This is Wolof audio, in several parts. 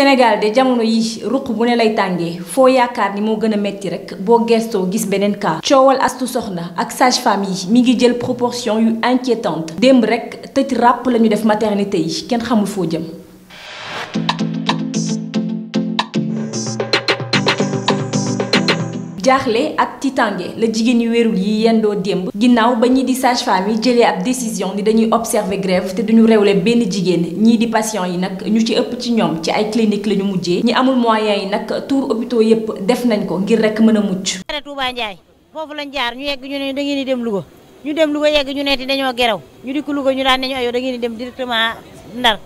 Sénégal de jamono yi ruq bu ne lay tàngee foo yaakaar ni moo gën a metti rek boo gestoo gis beneen cas coowal astu soxna ak sage-femme yi mi ngi jël proportion yu inquiétante démb rek tëj ràpp la ñu def maternité yi kenn xamul foo jëm jaxlé ak titange la jigéen yu wérul yi yendo demb ginnaw ba di sage femme yi ab décision ni dañuy observer grève té duñu rewle bénn jigéen ñi di patient yi nak ñu ci ëpp ci ñom ci ay clinique lañu mujjé ñi amul moyen yi nak tour hôpitaux yépp def nañ ko ngir rek mëna mucc mucc Touba Ndiaye fofu lañ jaar ñu yegg ñu né da ngeen di dem Louga ñu dem Louga yegg ñu né ti dañoo ñu Louga ñu daan nañu ayo da ngeen di dem directement Ndar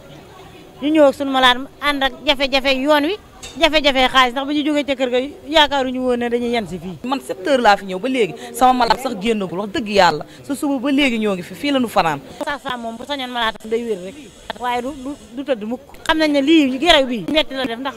ñu ñëw ak suñu malade and ak jafe-jafe yoon wi jafe-jafe xaalis ndax bu ñu jógee ca kër ga yaakaaruñu woon ne dañuy yan si man sept heures laa fi ñëw ba léegi sama malaat sax génnagul wax dëgg yàlla sa suba ba léegi ñoo ngi fi fii la ñu fanaan sax sax moom bu sañoon malaat day wér rek waaye du du tëdd mukk xam nañ ne lii gerew bi metti la def ndax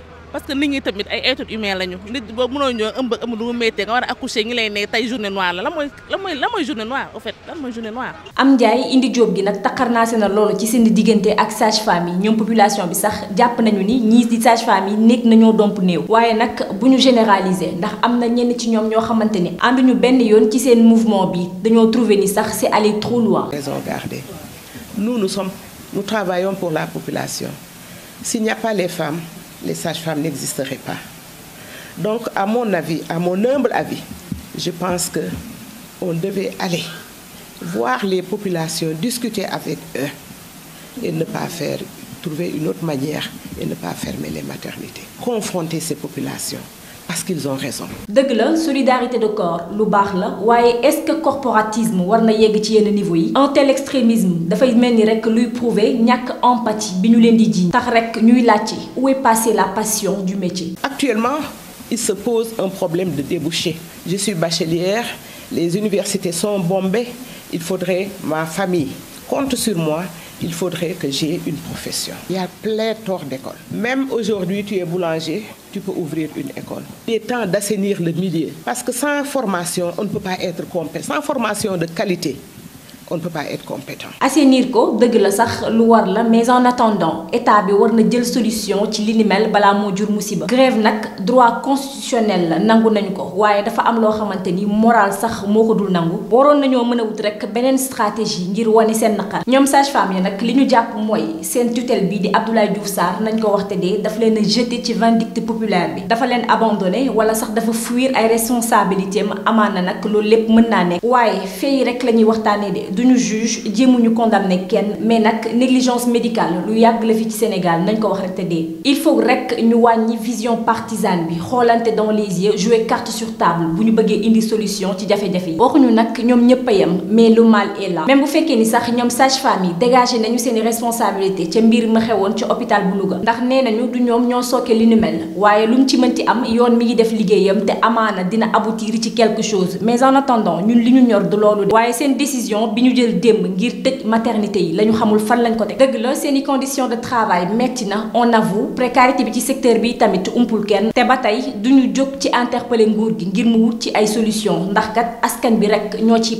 parce que nit ñi tamit ay êtres humains lañu nit bo mënoo ñoo ëmb ëmb lu mu méttee nga wara accoucher ñi lay né tay journée noire la la mooy la moy la moy journée noire au fait lan moy journée noire. am Ndiaye indi job gi nak taxarnaase na lolu ci seen diggante ak sage-femme ñom population bi sax japp nañu ni ñi di sage-femme yi nañu domp néew. waye nak buñu généraliser ndax amna ñenn ci ñom ñoo xamante ni ànduñu benn yoon ci seen mouvement bi dañoo trouver ni sax c'est aller trop loin. raison garder nous nous sommes nous travaillons pour la population s'il n'y a pas les femmes les sages-femmes n'existeraient pas. Donc, à mon avis, à mon humble avis, je pense que on devait aller voir les populations, discuter avec eux et ne pas faire, trouver une autre manière et ne pas fermer les maternités. Confronter ces populations parce qu'ils ont raison. Deug la solidarité de corps lu bax la waye est-ce que corporatisme ou est yegg ci le niveau yi. un tel extrémisme da fay melni rek luy prouver ñak empathie biñu len di jiiñ. tax rek ñuy où est passée la passion du métier. actuellement il se pose un problème de débouché je suis bachelière les universités sont bombées il faudrait ma famille compte sur moi il faudrait que j'aie une profession. Il y a plein tort d'école. Même aujourd'hui, tu es boulanger, tu peux ouvrir une école. Il est temps d'assainir le milieu. Parce que sans formation, on ne peut pas être compétent. Sans formation de qualité, on ne peut pas être compétent. assainir ko deug la sax lu war la mais en attendant état bi war na jël solution ci li ni mel bala mo jur musiba. grève nak droit constitutionnel la nangu nañ ko waye dafa am lo xamanteni moral sax moko dul nangu waroon nañu mën wut rek benen stratégie ngir woni sen naqar Ñom sage-femme yi nag li ñu jàpp mooy tutelle bi di Abdoulaye Diouf Sar nañ ko wax dee daf leen ci vindicte populaire bi dafa leen abandonner wala sax dafa fuir ay responsabilités am nak nag lep menane. mën nek waye waaye rek lañuy waxtané dé duñu juge jéemuñu condamné kenn mais nak négligence médicale lu yag la fi ci Sénégal nañ ko wax rek té dé il faut rek ñu wàññi vision partisane bi xoolante dans les yeux jouer carte sur table buñu bëggé indi solution ci jafé jafé waxu ñu nak ñom ñëpp payam mais le mal est là même bu fekké ni sax ñom sage-femme yi dégagé nañu seen responsabilité ci mbir ma xewon ci hôpital bu Louga ndax nee du ñom ño sooke li nu mel waye luñ mu ci mënti am yoon mi ngi def liggéeyam té amana dina aboutir ci quelque chose mais en attendant ñun li ñu ñor du lolu waye waaye seen décision bi ñu jël dem ngir tej maternité yi lañu xamul fan lañ ko teg deug la seen conditions de travail metti na on avoue précarité bi ci secteur bi tamit umpul kenn té batay duñu jog ci interpeller nguur gi ngir mu wut ci ay solution ndax kat askan bi rek ño ci